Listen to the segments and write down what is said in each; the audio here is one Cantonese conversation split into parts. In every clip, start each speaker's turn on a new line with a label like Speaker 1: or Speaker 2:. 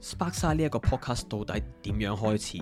Speaker 1: Sparksine 呢一個 podcast 到底點樣開始？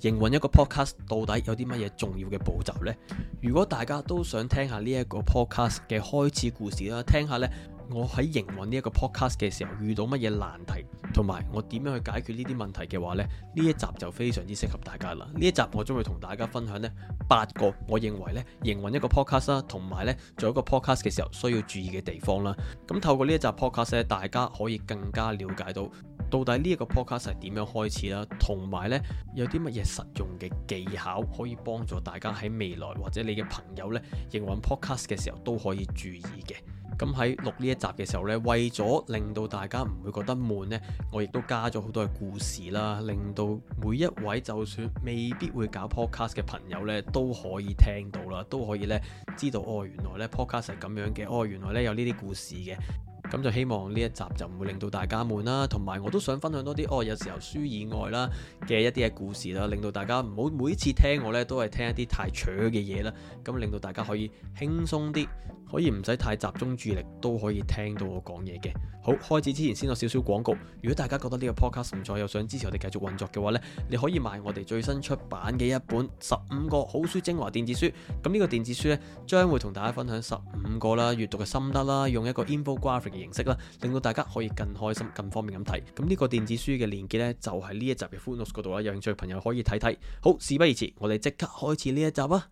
Speaker 1: 營運一個 podcast 到底有啲乜嘢重要嘅步驟呢？如果大家都想聽下呢一個 podcast 嘅開始故事啦，聽下呢我喺營運呢一個 podcast 嘅時候遇到乜嘢難題，同埋我點樣去解決呢啲問題嘅話咧，呢一集就非常之適合大家啦。呢一集我將會同大家分享呢八個我認為咧營運一個 podcast 啦，同埋咧做一個 podcast 嘅時候需要注意嘅地方啦。咁透過呢一集 podcast 大家可以更加了解到。到底呢一個 podcast 係點樣開始啦、啊？同埋呢，有啲乜嘢實用嘅技巧可以幫助大家喺未來或者你嘅朋友呢，營運 podcast 嘅時候都可以注意嘅。咁喺錄呢一集嘅時候呢，為咗令到大家唔會覺得悶呢，我亦都加咗好多嘅故事啦，令到每一位就算未必會搞 podcast 嘅朋友呢，都可以聽到啦，都可以呢知道哦，原來呢 podcast 係咁樣嘅，哦，原來呢、哦、原來呢有呢啲故事嘅。咁就希望呢一集就唔會令到大家悶啦，同埋我都想分享多啲哦，有時候書以外啦嘅一啲嘅故事啦，令到大家唔好每次聽我呢都係聽一啲太扯嘅嘢啦，咁令到大家可以輕鬆啲，可以唔使太集中注意力都可以聽到我講嘢嘅。好，開始之前先有少少廣告。如果大家覺得呢個 Podcast 唔錯，又想支持我哋繼續運作嘅話呢，你可以買我哋最新出版嘅一本十五個好書精華電子書。咁呢個電子書呢，將會同大家分享十五個啦，閱讀嘅心得啦，用一個 infographic 形式啦，令到大家可以更開心、更方便咁睇。咁呢個電子書嘅連結呢，就係呢一集嘅 Funos 嗰度啦。有興趣嘅朋友可以睇睇。好，事不宜遲，我哋即刻開始呢一集啊！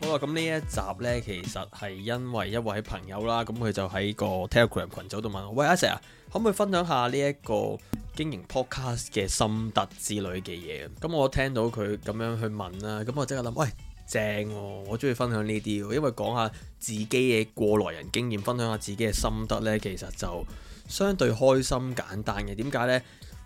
Speaker 1: 好啦，咁呢一集呢，其實係因為一位朋友啦，咁佢就喺個 Telegram 群組度問我：「喂，阿 Sir 啊，可唔可以分享下呢、這一個？經營 Podcast 嘅心得之類嘅嘢，咁我聽到佢咁樣去問啦，咁我即刻諗，喂，正喎，我中意分享呢啲，因為講下自己嘅過來人經驗，分享下自己嘅心得呢，其實就相對開心簡單嘅，點解呢？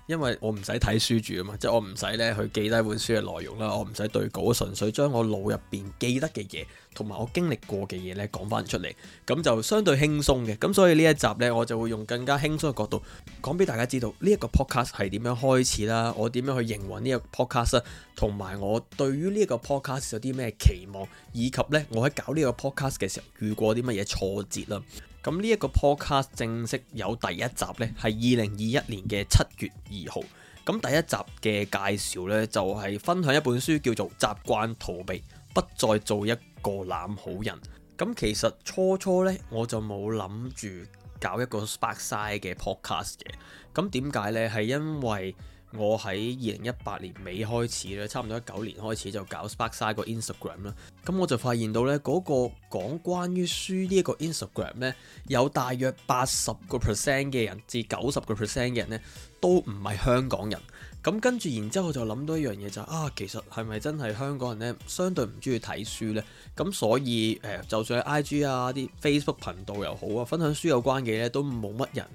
Speaker 1: 因為我唔使睇書住啊嘛，即係我唔使咧去記低本書嘅內容啦，我唔使對稿，純粹將我腦入邊記得嘅嘢，同埋我經歷過嘅嘢咧講翻出嚟，咁就相對輕鬆嘅。咁所以呢一集呢，我就會用更加輕鬆嘅角度講俾大家知道呢一個 podcast 係點樣開始啦，我點樣去營運呢個 podcast 同埋我對於呢一個 podcast 有啲咩期望，以及呢我喺搞呢個 podcast 嘅時候遇過啲乜嘢挫折啦。咁呢一個 podcast 正式有第一集呢係二零二一年嘅七月二號。咁第一集嘅介紹呢，就係、是、分享一本書叫做《習慣逃避，不再做一個爛好人》。咁其實初初呢，我就冇諗住搞一個 Sparksine 嘅 podcast 嘅。咁點解呢？係因為我喺二零一八年尾開始咧，差唔多一九年開始就搞 Sparksine 個 Instagram 啦。咁我就發現到呢嗰、那個講關於書呢一個 Instagram 呢有大約八十個 percent 嘅人至九十個 percent 嘅人呢都唔係香港人。咁跟住，然之後我就諗到一樣嘢就係、是、啊，其實係咪真係香港人呢？相對唔中意睇書呢。咁所以誒、呃，就算係 I G 啊啲 Facebook 頻道又好啊，分享書有關嘅咧，都冇乜人。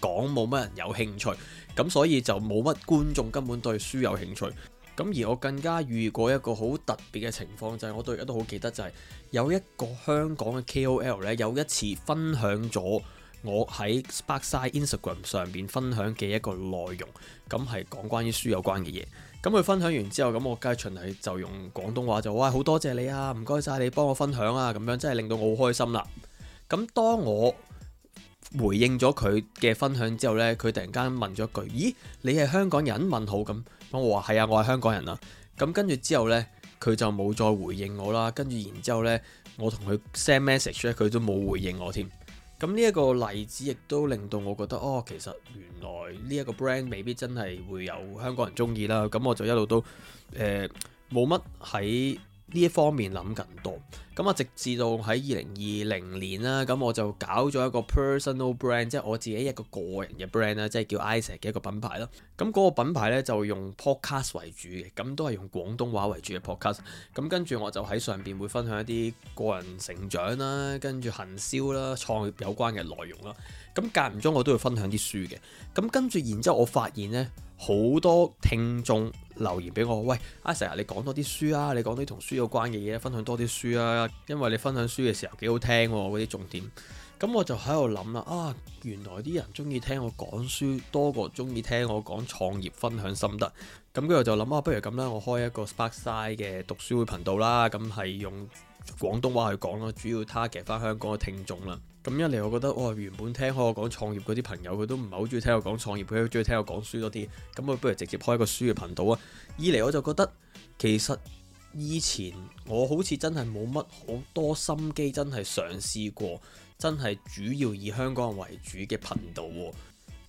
Speaker 1: 講冇乜人有興趣，咁所以就冇乜觀眾，根本對書有興趣。咁而我更加遇過一個好特別嘅情況，就係、是、我到而家都好記得、就是，就係有一個香港嘅 KOL 呢，有一次分享咗我喺 Sparksine Instagram 上邊分享嘅一個內容，咁係講關於書有關嘅嘢。咁佢分享完之後，咁我梗係循例就用廣東話就：哇！好多謝你啊，唔該晒你幫我分享啊，咁樣真係令到我好開心啦。咁當我回應咗佢嘅分享之後呢，佢突然間問咗句：咦，你係香港人？問好咁，我話係啊，我係香港人啊。咁跟住之後呢，佢就冇再回應我啦。跟住然之後呢，我同佢 send message 咧，佢都冇回應我添。咁呢一個例子亦都令到我覺得，哦，其實原來呢一個 brand 未必真係會有香港人鍾意啦。咁我就一路都冇乜喺。呃呢一方面諗更多，咁啊直至到喺二零二零年啦，咁我就搞咗一個 personal brand，即係我自己一個個人嘅 brand 啦，即係叫 Isa 嘅一個品牌啦。咁、那、嗰個品牌呢，就用 podcast 為主嘅，咁都係用廣東話為主嘅 podcast。咁跟住我就喺上邊會分享一啲個人成長啦，跟住行銷啦、創業有關嘅內容啦。咁間唔中我都會分享啲書嘅。咁跟住然之後，我發現呢好多聽眾留言俾我，喂，阿成日你講多啲書啊，你講啲同書有關嘅嘢分享多啲書啊，因為你分享書嘅時候幾好聽喎，啊，嗰啲重點。咁我就喺度諗啦，啊，原來啲人中意聽我講書多過中意聽我講創業分享心得。咁跟住就諗啊，不如咁啦，我開一個 Sparksine 嘅讀書會頻道啦，咁係用，廣東話去講咯，主要 target 返香港嘅聽眾啦。咁一嚟我覺得，哇、哦，原本聽開我講創業嗰啲朋友，佢都唔係好中意聽我講創業，佢都中意聽我講書多啲。咁我不如直接開一個書嘅頻道啊。二嚟我就覺得，其實以前我好似真係冇乜好多心機，真係嘗試過，真係主要以香港人為主嘅頻道喎。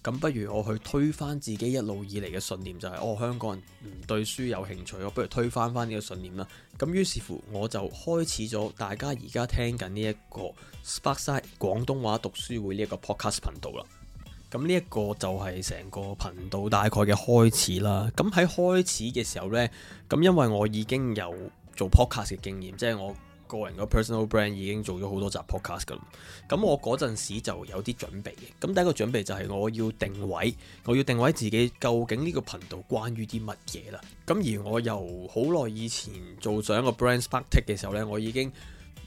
Speaker 1: 咁不如我去推翻自己一路以嚟嘅信念，就係，哦，香港人唔對書有興趣，我不如推翻翻呢個信念啦。咁於是乎我就開始咗，大家而家聽緊呢一個 Sparksine 廣東話讀書會呢一個 podcast 頻道啦。咁呢一個就係成個頻道大概嘅開始啦。咁喺開始嘅時候呢，咁因為我已經有做 podcast 嘅經驗，即係我個人個 personal brand 已經做咗好多集 podcast 噶啦，咁我嗰陣時就有啲準備嘅。咁第一個準備就係我要定位，我要定位自己究竟呢個頻道關於啲乜嘢啦，咁而我由好耐以前做上一個 brand Sparksine 嘅時候呢，我已經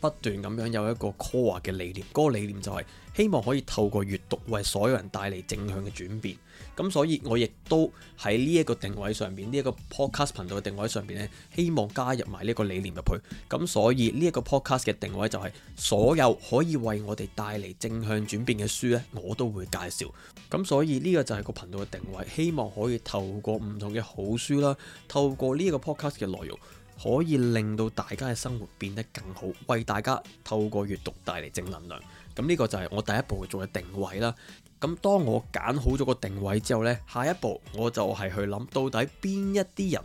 Speaker 1: 不斷咁樣有一個 core 嘅理念，嗰、嗰個理念就係希望可以透過閱讀為所有人帶嚟正向嘅轉變。咁所以，我亦都喺呢一個定位上面，呢一個 podcast 頻道嘅定位上邊，呢希望加入埋呢個理念入去。咁所以呢一個 podcast 嘅定位就係所有可以為我哋帶嚟正向轉變嘅書呢，我都會介紹。咁所以呢個就係個頻道嘅定位，希望可以透過唔同嘅好書啦，透過呢一個 podcast 嘅內容，可以令到大家嘅生活變得更好，為大家透過閱讀帶嚟正能量。咁呢個就係我第一步做嘅定位啦。咁當我揀好咗個定位之後呢，下一步我就係去諗到底邊一啲人。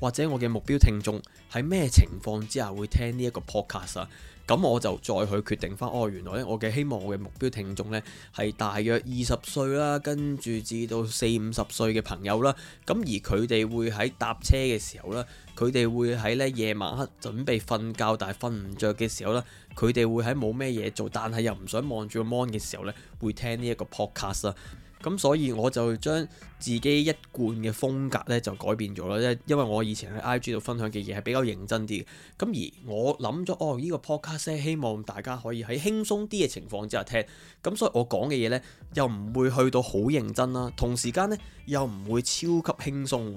Speaker 1: 或者我嘅目標聽眾喺咩情況之下會聽呢一個 podcast 啊？咁我就再去決定翻，哦，原來咧我嘅希望我嘅目標聽眾呢係大約二十歲啦，跟住至到四五十歲嘅朋友啦。咁而佢哋會喺搭車嘅時候呢，佢哋會喺呢夜晚黑準備瞓覺，但係瞓唔著嘅時候呢，佢哋會喺冇咩嘢做，但係又唔想望住個 mon 嘅時候呢，會聽呢一個 podcast 啊。咁所以我就將自己一貫嘅風格咧就改變咗啦，因為我以前喺 IG 度分享嘅嘢係比較認真啲嘅。咁而我諗咗，哦，這個、呢個 Podcast 希望大家可以喺輕鬆啲嘅情況之下聽。咁所以我講嘅嘢呢又唔會去到好認真啦，同時間呢又唔會超級輕鬆。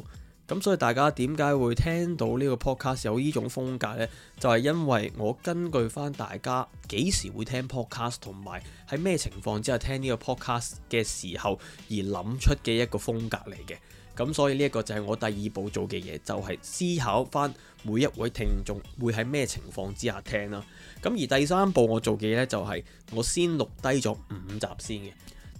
Speaker 1: 咁所以大家點解會聽到呢個 podcast 有呢種風格呢？就係因為我根據翻大家幾時會聽 podcast，同埋喺咩情況之下聽呢個 podcast 嘅時候而諗出嘅一個風格嚟嘅。咁所以呢一個就係我第二步做嘅嘢，就係思考翻每一位聽眾會喺咩情況之下聽啦。咁而第三步我做嘅嘢呢，就係我先錄低咗五集先嘅。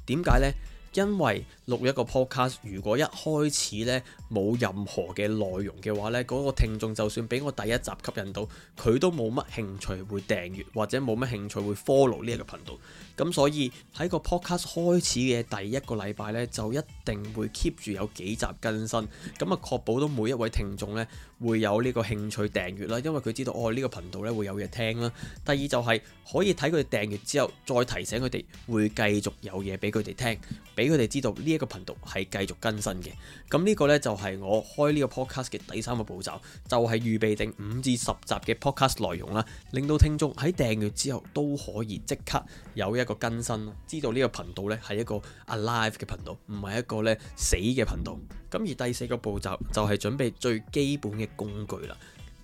Speaker 1: 點解呢？因為錄一個 podcast，如果一開始呢冇任何嘅內容嘅話呢，嗰個聽眾就算俾我第一集吸引到，佢都冇乜興趣會訂閱或者冇乜興趣會 follow 呢一個頻道。咁所以喺個 podcast 開始嘅第一個禮拜咧，就一定會 keep 住有幾集更新，咁啊確保到每一位聽眾咧會有呢個興趣訂閱啦，因為佢知道哦、這個、道呢個頻道咧會有嘢聽啦。第二就係、是、可以睇佢哋訂閱之後再提醒佢哋會繼續有嘢俾佢哋聽，俾佢哋知道呢一個頻道係繼續更新嘅。咁呢個咧就係、是、我開呢個 podcast 嘅第三個步驟，就係、是、預備定五至十集嘅 podcast 內容啦，令到聽眾喺訂閱之後都可以即刻有一個。更新，知道呢個頻道呢係一個 alive 嘅頻道，唔係一個呢死嘅頻道。咁而第四個步驟就係準備最基本嘅工具啦，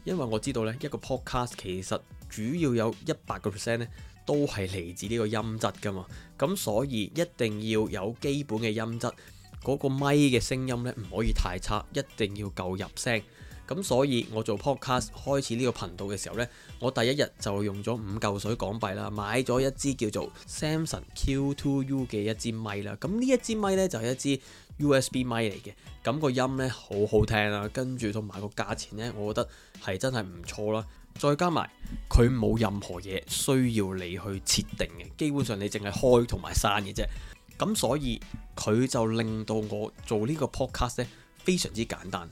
Speaker 1: 因為我知道呢一個 podcast 其實主要有一百個 percent 呢都係嚟自呢個音質㗎嘛，咁所以一定要有基本嘅音質，嗰個咪嘅聲音呢唔可以太差，一定要夠入聲。咁所以我做 Podcast 開始呢個頻道嘅時候呢，我第一日就用咗五嚿水港幣啦，買咗一支叫做 Samson Q2U 嘅一支咪啦。咁呢一支咪呢，就係、是、一支 USB 咪嚟嘅，咁、那個音呢，好好聽啦、啊。跟住同埋個價錢呢，我覺得係真係唔錯啦。再加埋佢冇任何嘢需要你去設定嘅，基本上你淨係開同埋閂嘅啫。咁所以佢就令到我做呢個 Podcast 呢，非常之簡單，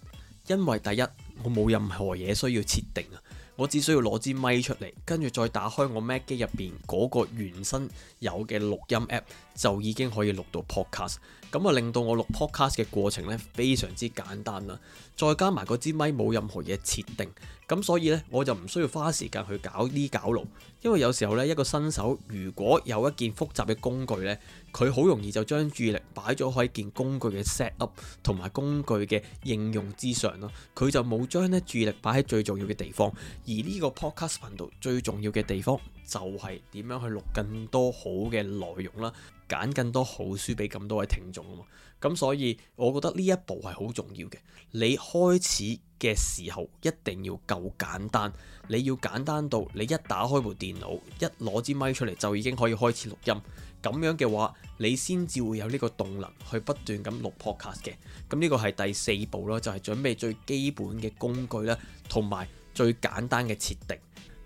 Speaker 1: 因為第一。我冇任何嘢需要設定啊，我只需要攞支咪出嚟，跟住再打開我 Mac 機入面嗰個原生有嘅錄音 App。就已經可以錄到 podcast，咁啊令到我錄 podcast 嘅過程咧非常之簡單啦。再加埋嗰支咪冇任何嘢設定，咁所以咧我就唔需要花時間去搞呢搞路。因為有時候咧一個新手如果有一件複雜嘅工具咧，佢好容易就將注意力擺咗喺件工具嘅 set up 同埋工具嘅應用之上咯，佢就冇將咧注意力擺喺最重要嘅地方，而呢個 podcast 頻道最重要嘅地方，就係點樣去錄更多好嘅內容啦，揀更多好書俾咁多位聽眾啊嘛。咁所以我覺得呢一步係好重要嘅。你開始嘅時候一定要夠簡單，你要簡單到你一打開部電腦，一攞支咪出嚟就已經可以開始錄音。咁樣嘅話，你先至會有呢個動能去不斷咁錄 podcast 嘅。咁呢個係第四步啦，就係準備最基本嘅工具啦，同埋最簡單嘅設定。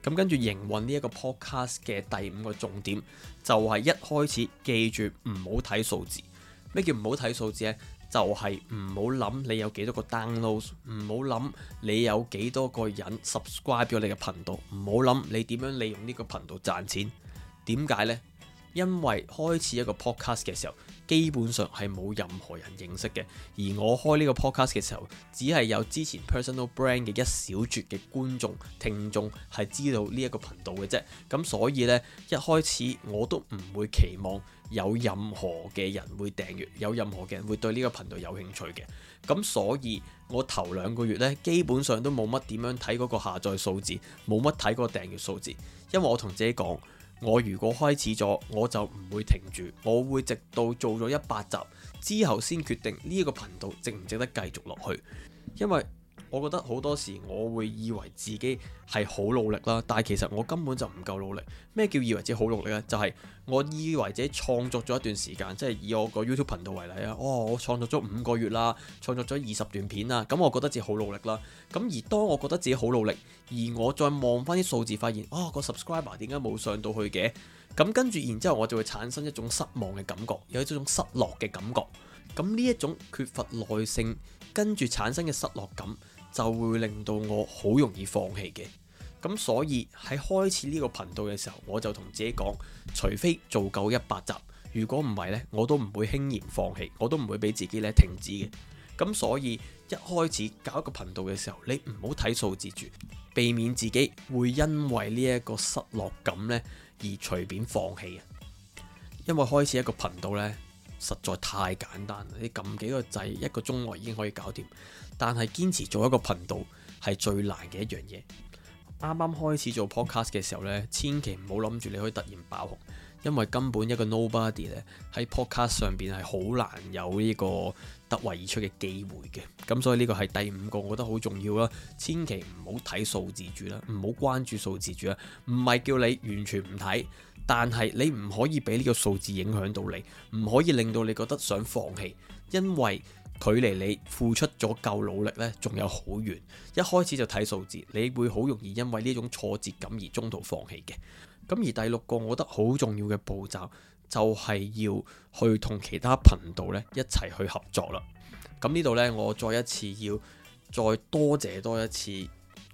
Speaker 1: 咁跟住營運呢一個 podcast 嘅第五個重點，就係一開始記住唔好睇數字。咩叫唔好睇數字呢？就係唔好諗你有幾多個 download，唔好諗你有幾多個人 subscribe 咗你嘅頻道，唔好諗你點樣利用呢個頻道賺錢。點解呢？因為開始一個 podcast 嘅時候，基本上係冇任何人認識嘅，而我開呢個 podcast 嘅時候，只係有之前 personal brand 嘅一小撮嘅觀眾聽眾係知道呢一個頻道嘅啫。咁所以呢，一開始我都唔會期望有任何嘅人會訂閱，有任何嘅人會對呢個頻道有興趣嘅。咁所以，我頭兩個月呢，基本上都冇乜點樣睇嗰個下載數字，冇乜睇個訂閱數字，因為我同自己講。我如果開始咗，我就唔會停住，我會直到做咗一百集之後先決定呢個頻道值唔值得繼續落去，因為，我覺得好多時，我會以為自己係好努力啦，但係其實我根本就唔夠努力。咩叫以為自己好努力呢？就係我以為自己創作咗一段時間，即係以我個 YouTube 頻道為例啊。哦，我創作咗五個月啦，創作咗二十段片啊，咁我覺得自己好努力啦。咁而當我覺得自己好努力，而我再望翻啲數字，發現啊個 subscriber 點解冇上到去嘅？咁跟住然之後，我就會產生一種失望嘅感覺，有一種失落嘅感覺。咁呢一種缺乏耐性，跟住產生嘅失落感。就會令到我好容易放棄嘅，咁所以喺開始呢個頻道嘅時候，我就同自己講，除非做夠一百集，如果唔係呢，我都唔會輕言放棄，我都唔會俾自己咧停止嘅。咁所以一開始搞一個頻道嘅時候，你唔好睇數字住，避免自己會因為呢一個失落感呢而隨便放棄啊！因為開始一個頻道呢。實在太簡單啦！你撳幾個掣一個鐘內已經可以搞掂，但係堅持做一個頻道係最難嘅一樣嘢。啱啱開始做 podcast 嘅時候呢，千祈唔好諗住你可以突然爆紅，因為根本一個 nobody 咧喺 podcast 上邊係好難有呢個突圍而出嘅機會嘅。咁所以呢個係第五個，我覺得好重要啦。千祈唔好睇數字住啦，唔好關注數字住啦！唔係叫你完全唔睇。但係你唔可以俾呢個數字影響到你，唔可以令到你覺得想放棄，因為距離你付出咗夠努力呢，仲有好遠。一開始就睇數字，你會好容易因為呢種挫折感而中途放棄嘅。咁而第六個我覺得好重要嘅步驟，就係要去同其他頻道呢一齊去合作啦。咁呢度呢，我再一次要再多謝多一次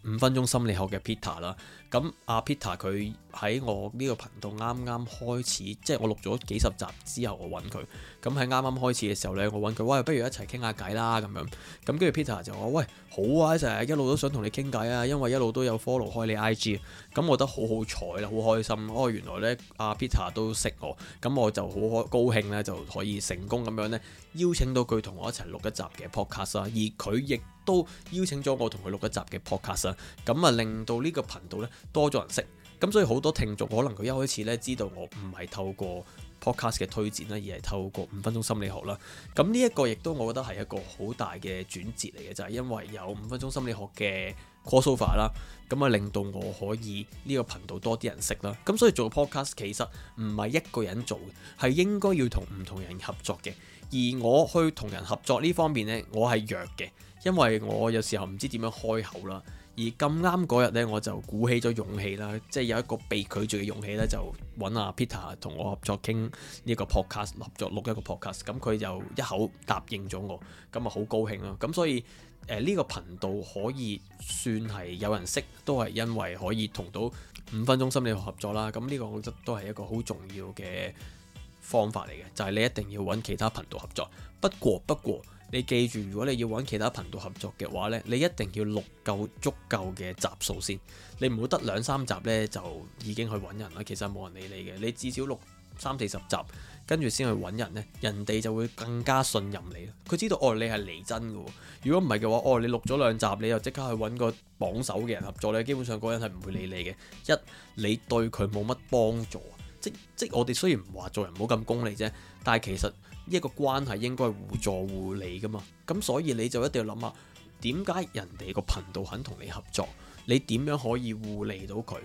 Speaker 1: 五分鐘心理學嘅 Peter 啦。咁阿 Peter 佢喺我呢個頻道啱啱開始，即係我錄咗幾十集之後，我揾佢。咁喺啱啱開始嘅時候呢，我揾佢，喂，不如一齊傾下偈啦咁樣。咁跟住 Peter 就話：喂，好啊，一齊，一路都想同你傾偈啊，因為一路都有 follow 開你 IG。咁我覺得好好彩啦，好開心。哦，原來呢阿 Peter 都識我，咁我就好高興呢，就可以成功咁樣呢，邀請到佢同我一齊錄一集嘅 podcast 啦。而佢亦都邀請咗我同佢錄一集嘅 podcast 啦。咁啊令到呢個頻道呢……多咗人識，咁所以好多聽眾可能佢一開始咧知道我唔係透過 podcast 嘅推薦啦，而係透過五分鐘心理學啦。咁呢一個亦都我覺得係一個好大嘅轉折嚟嘅，就係因為有五分鐘心理學嘅 crossover 啦，咁啊令到我可以呢個頻道多啲人識啦。咁所以做 podcast 其實唔係一個人做嘅，係應該要同唔同人合作嘅。而我去同人合作呢方面呢，我係弱嘅，因為我有時候唔知點樣開口啦。而咁啱嗰日呢，我就鼓起咗勇氣啦，即係有一個被拒絕嘅勇氣呢，就揾阿 Peter 同我合作傾呢個 podcast，合作錄一個 podcast。咁佢就一口答應咗我，咁啊好高興咯。咁所以誒呢個頻道可以算係有人識，都係因為可以同到五分鐘心理學合作啦。咁呢個我覺得都係一個好重要嘅方法嚟嘅，就係你一定要揾其他頻道合作。不過不過。你記住，如果你要揾其他頻道合作嘅話呢，你一定要錄夠足夠嘅集數先。你唔好得兩三集呢就已經去揾人啦。其實冇人理你嘅。你至少錄三四十集，跟住先去揾人呢，人哋就會更加信任你。佢知道哦，你係嚟真㗎。如果唔係嘅話，哦，你錄咗兩集，你又即刻去揾個榜首嘅人合作咧，基本上嗰人係唔會理你嘅。一你對佢冇乜幫助。即即我哋雖然唔話做人唔好咁功利啫，但係其實。一個關係應該互助互利噶嘛，咁所以你就一定要諗下點解人哋個頻道肯同你合作，你點樣可以互利到佢。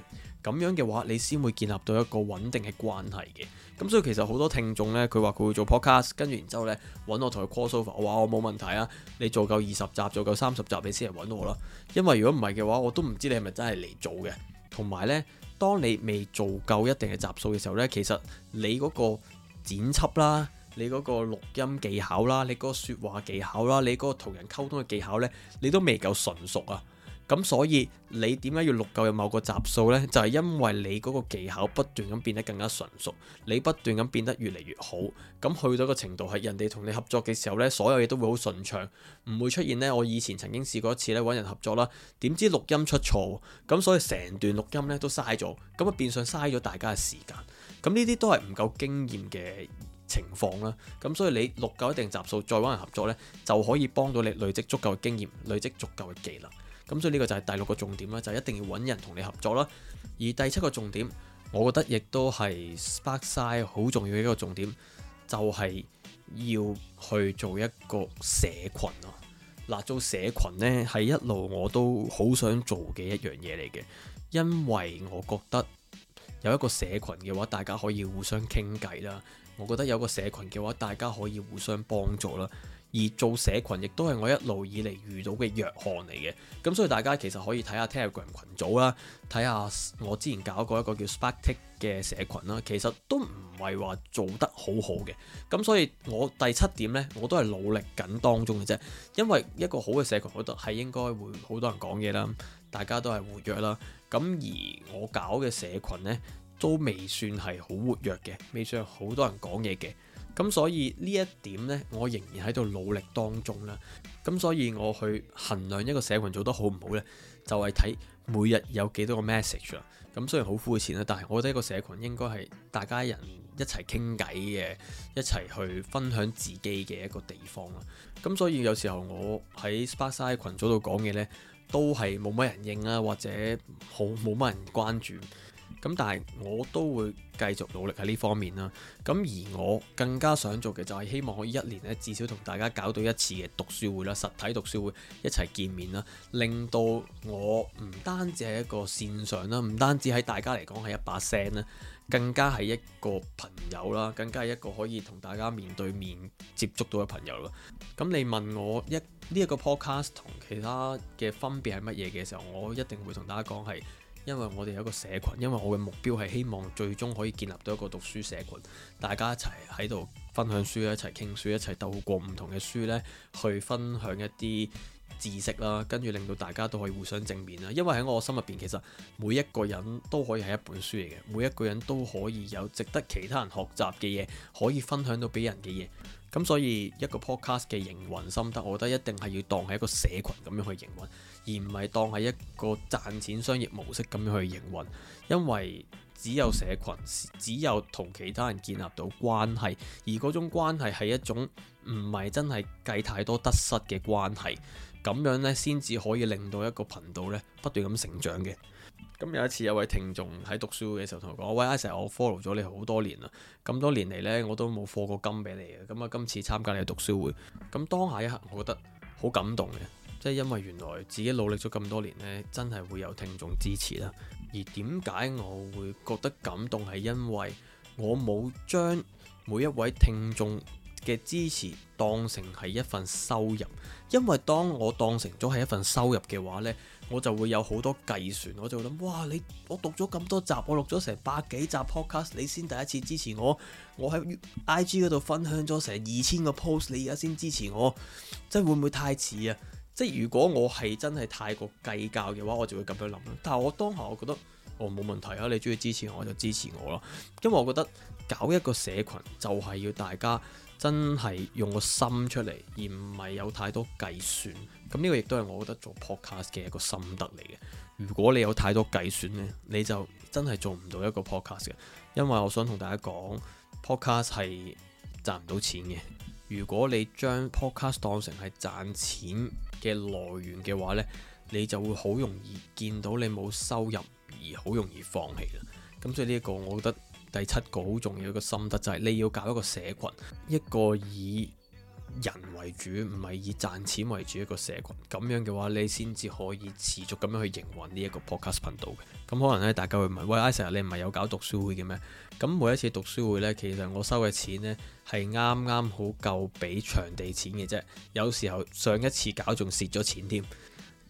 Speaker 1: 咁樣嘅話，你先會建立到一個穩定嘅關係嘅。咁所以其實好多聽眾呢，佢話佢會做 podcast，跟住然之後呢，揾我同佢 call sofa，我話我冇問題啊。你做夠二十集，做夠三十集，你先嚟揾我啦。因為如果唔係嘅話，我都唔知你係咪真係嚟做嘅。同埋呢，當你未做夠一定嘅集數嘅時候呢，其實你嗰個剪輯啦。你嗰個錄音技巧啦，你嗰個説話技巧啦，你嗰個同人溝通嘅技巧呢，你都未夠純熟啊！咁所以你點解要錄夠入某個集數呢？就係因為你嗰個技巧不斷咁變得更加純熟，你不斷咁變得越嚟越好。咁去到個程度係人哋同你合作嘅時候呢，所有嘢都會好順暢，唔會出現呢。我以前曾經試過一次呢，揾人合作啦，點知錄音出錯，咁所以成段錄音呢都嘥咗，咁啊變相嘥咗大家嘅時間。咁呢啲都係唔夠經驗嘅。情況啦，咁所以你六夠一定集數，再揾人合作呢，就可以幫到你累積足夠嘅經驗，累積足夠嘅技能。咁所以呢個就係第六個重點啦，就係、一定要揾人同你合作啦。而第七個重點，我覺得亦都係 Sparksine 好重要嘅一個重點，就係、係、要去做一個社群咯。嗱、啊，做社群呢，係一路我都好想做嘅一樣嘢嚟嘅，因為我覺得有一個社群嘅話，大家可以互相傾偈啦。我覺得有個社群嘅話，大家可以互相幫助啦。而做社群亦都係我一路以嚟遇到嘅弱項嚟嘅。咁所以大家其實可以睇下 Telegram 群組啦，睇下我之前搞過一個叫 SparkTip 嘅社群啦。其實都唔係話做得好好嘅。咁所以我第七點呢，我都係努力緊當中嘅啫。因為一個好嘅社群，好多係應該會好多人講嘢啦，大家都係活躍啦。咁而我搞嘅社群呢，都未算係好活躍嘅，未算好多人講嘢嘅，咁所以呢一點呢，我仍然喺度努力當中啦。咁所以我去衡量一個社群做得好唔好呢，就係、是、睇每日有幾多個 message 啦。咁雖然好膚淺啦，但係我覺得一個社群應該係大家一人一齊傾偈嘅，一齊去分享自己嘅一個地方啦。咁所以有時候我喺 Sparksine 群組度講嘢呢，都係冇乜人應啊，或者好冇乜人關注。咁但係我都會繼續努力喺呢方面啦。咁而我更加想做嘅就係希望可以一年呢至少同大家搞到一次嘅讀書會啦，實體讀書會一齊見面啦，令到我唔單止係一個線上啦，唔單止喺大家嚟講係一把聲啦，更加係一個朋友啦，更加係一個可以同大家面對面接觸到嘅朋友咯。咁你問我一呢一個 Podcast 同其他嘅分別係乜嘢嘅時候，我一定會同大家講係。因為我哋有一個社群，因為我嘅目標係希望最終可以建立到一個讀書社群，大家一齊喺度分享書，一齊傾書，一齊鬥過唔同嘅書呢，去分享一啲知識啦，跟住令到大家都可以互相正面啦。因為喺我心入邊，其實每一個人都可以係一本書嚟嘅，每一個人都可以有值得其他人學習嘅嘢，可以分享到俾人嘅嘢。咁所以一個 Podcast 嘅營運心得，我覺得一定係要當係一個社群咁樣去營運。而唔係當係一個賺錢商業模式咁樣去營運，因為只有社群，只有同其他人建立到關係，而嗰種關係係一種唔係真係計太多得失嘅關係，咁樣呢，先至可以令到一個頻道呢，不斷咁成長嘅。咁有一次有位聽眾喺讀書會嘅時候同我講：喂，阿成，我 follow 咗你好多年啦，咁多年嚟呢，我都冇課過金俾你嘅，咁啊今次參加你嘅讀書會，咁當下一刻我覺得好感動嘅。即係因為原來自己努力咗咁多年呢，真係會有聽眾支持啦。而點解我會覺得感動係因為我冇將每一位聽眾嘅支持當成係一份收入，因為當我當成咗係一份收入嘅話呢，我就會有好多計算。我就諗：哇！你我讀咗咁多集，我錄咗成百幾集 podcast，你先第一次支持我。我喺 IG 嗰度分享咗成二千個 post，你而家先支持我，真係會唔會太遲啊？即如果我係真係太過計較嘅話，我就會咁樣諗。但係我當下我覺得，哦冇問題啊，你中意支持我,我就支持我啦。因為我覺得搞一個社群就係要大家真係用個心出嚟，而唔係有太多計算。咁呢個亦都係我覺得做 podcast 嘅一個心得嚟嘅。如果你有太多計算呢，你就真係做唔到一個 podcast 嘅。因為我想同大家講，podcast 係賺唔到錢嘅。如果你將 podcast 當成係賺錢，嘅來源嘅話呢，你就會好容易見到你冇收入而好容易放棄啦。咁所以呢一個我覺得第七個好重要嘅心得就係，你要搞一個社群，一個以人為主，唔係以賺錢為主一個社群，咁樣嘅話，你先至可以持續咁樣去營運呢一個 podcast 頻道嘅。咁可能咧，大家會問：喂，Isaac，你唔係有搞讀書會嘅咩？咁每一次讀書會呢，其實我收嘅錢呢係啱啱好夠俾場地錢嘅啫，有時候上一次搞仲蝕咗錢添。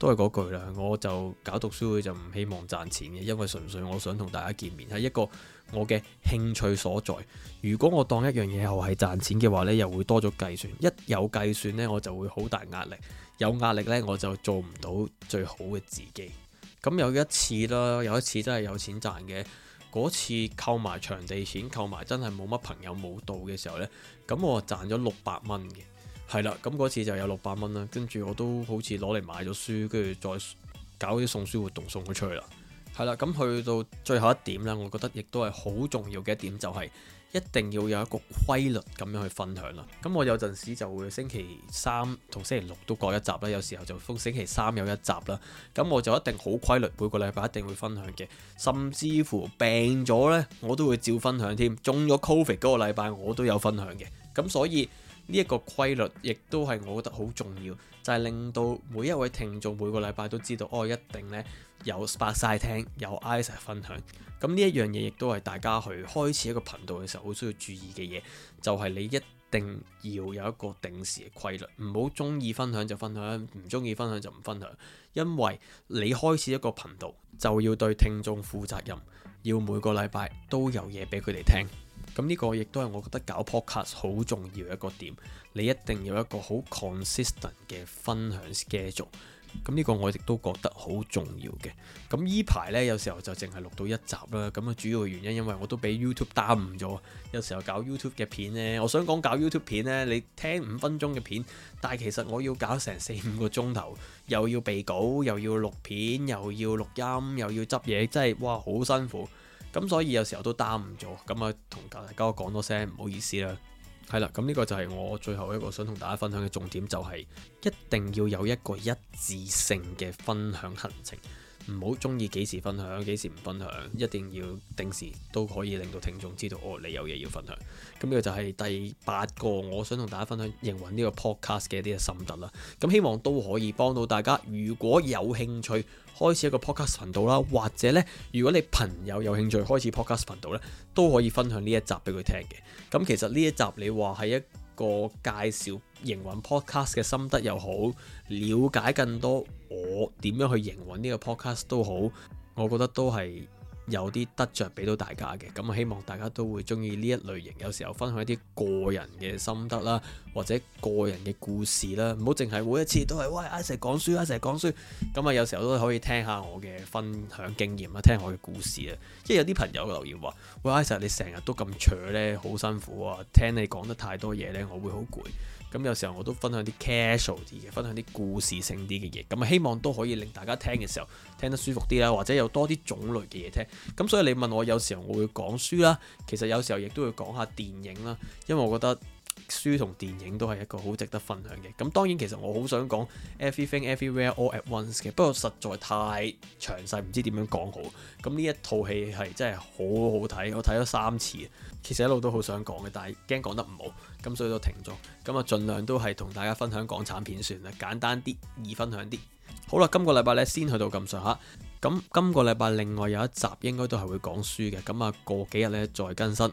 Speaker 1: 都係嗰句啦，我就搞讀書會就唔希望賺錢嘅，因為純粹我想同大家見面係一個我嘅興趣所在。如果我當一樣嘢又係賺錢嘅話呢，又會多咗計算。一有計算呢，我就會好大壓力。有壓力呢，我就做唔到最好嘅自己。咁有一次啦，有一次真係有錢賺嘅嗰次，扣埋場地錢，扣埋真係冇乜朋友冇到嘅時候呢，咁我賺咗六百蚊嘅。係啦，咁嗰次就有六百蚊啦，跟住我都好似攞嚟買咗書，跟住再搞啲送書活動送咗出去啦。係啦，咁去到最後一點咧，我覺得亦都係好重要嘅一點，就係一定要有一個規律咁樣去分享啦。咁我有陣時就會星期三同星期六都過一集啦，有時候就逢星期三有一集啦。咁我就一定好規律，每個禮拜一定會分享嘅。甚至乎病咗呢，我都會照分享添。中咗 Covid 嗰個禮拜，我都有分享嘅。咁所以。呢一個規律，亦都係我覺得好重要，就係、是、令到每一位聽眾每個禮拜都知道，哦，一定呢，有白曬聽，有 I 曬分享。咁呢一樣嘢，亦都係大家去開始一個頻道嘅時候，好需要注意嘅嘢，就係、是、你一定要有一個定時嘅規律，唔好中意分享就分享，唔中意分享就唔分享。因為你開始一個頻道，就要對聽眾負責任，要每個禮拜都有嘢俾佢哋聽。咁呢個亦都係我覺得搞 podcast 好重要一個點，你一定要有一個好 consistent 嘅分享 schedule。咁呢個我亦都覺得好重要嘅。咁依排呢，有時候就淨係錄到一集啦。咁啊主要嘅原因，因為我都俾 YouTube 耽誤咗。有時候搞 YouTube 嘅片呢，我想講搞 YouTube 片呢，你聽五分鐘嘅片，但係其實我要搞成四五個鐘頭，又要備稿，又要錄片，又要錄音，又要執嘢，真係哇好辛苦。咁所以有時候都耽誤咗，咁啊同大家講多聲，唔好意思啦，係啦，咁呢個就係我最後一個想同大家分享嘅重點，就係一定要有一個一致性嘅分享行程。唔好中意幾時分享，幾時唔分享，一定要定時都可以令到聽眾知道，哦，你有嘢要分享。咁呢個就係第八個我想同大家分享營運呢個 podcast 嘅一啲心得啦。咁希望都可以幫到大家。如果有興趣開始一個 podcast 頻道啦，或者呢，如果你朋友有興趣開始 podcast 頻道呢，都可以分享呢一集俾佢聽嘅。咁其實呢一集你話係一個介紹營運 podcast 嘅心得又好，了解更多，我點樣去營運呢個 Podcast 都好，我覺得都係有啲得着俾到大家嘅，咁希望大家都會鍾意呢一類型，有時候分享一啲個人嘅心得啦。或者個人嘅故事啦，唔好淨係每一次都係，喂，i 石講書啊，石講書，咁啊有時候都可以聽下我嘅分享經驗啦，聽我嘅故事啊，即係有啲朋友留言話，喂，i 石你成日都咁長咧，好辛苦啊，聽你講得太多嘢呢，我會好攰。咁有時候我都分享啲 casual 啲嘅，分享啲故事性啲嘅嘢，咁希望都可以令大家聽嘅時候聽得舒服啲啦，或者有多啲種類嘅嘢聽。咁所以你問我有時候我會講書啦，其實有時候亦都會講下電影啦，因為我覺得。書同電影都係一個好值得分享嘅。咁當然其實我好想講 Everything Everywhere All at Once 嘅，不過實在太詳細，唔知點樣講好。咁呢一套戲係真係好好睇，我睇咗三次，其實一路都好想講嘅，但係驚講得唔好，咁所以都停咗。咁啊盡量都係同大家分享港產片算啦，簡單啲，易分享啲。好啦，今個禮拜呢先去到咁上下。咁今個禮拜另外有一集應該都係會講書嘅，咁啊過幾日呢再更新。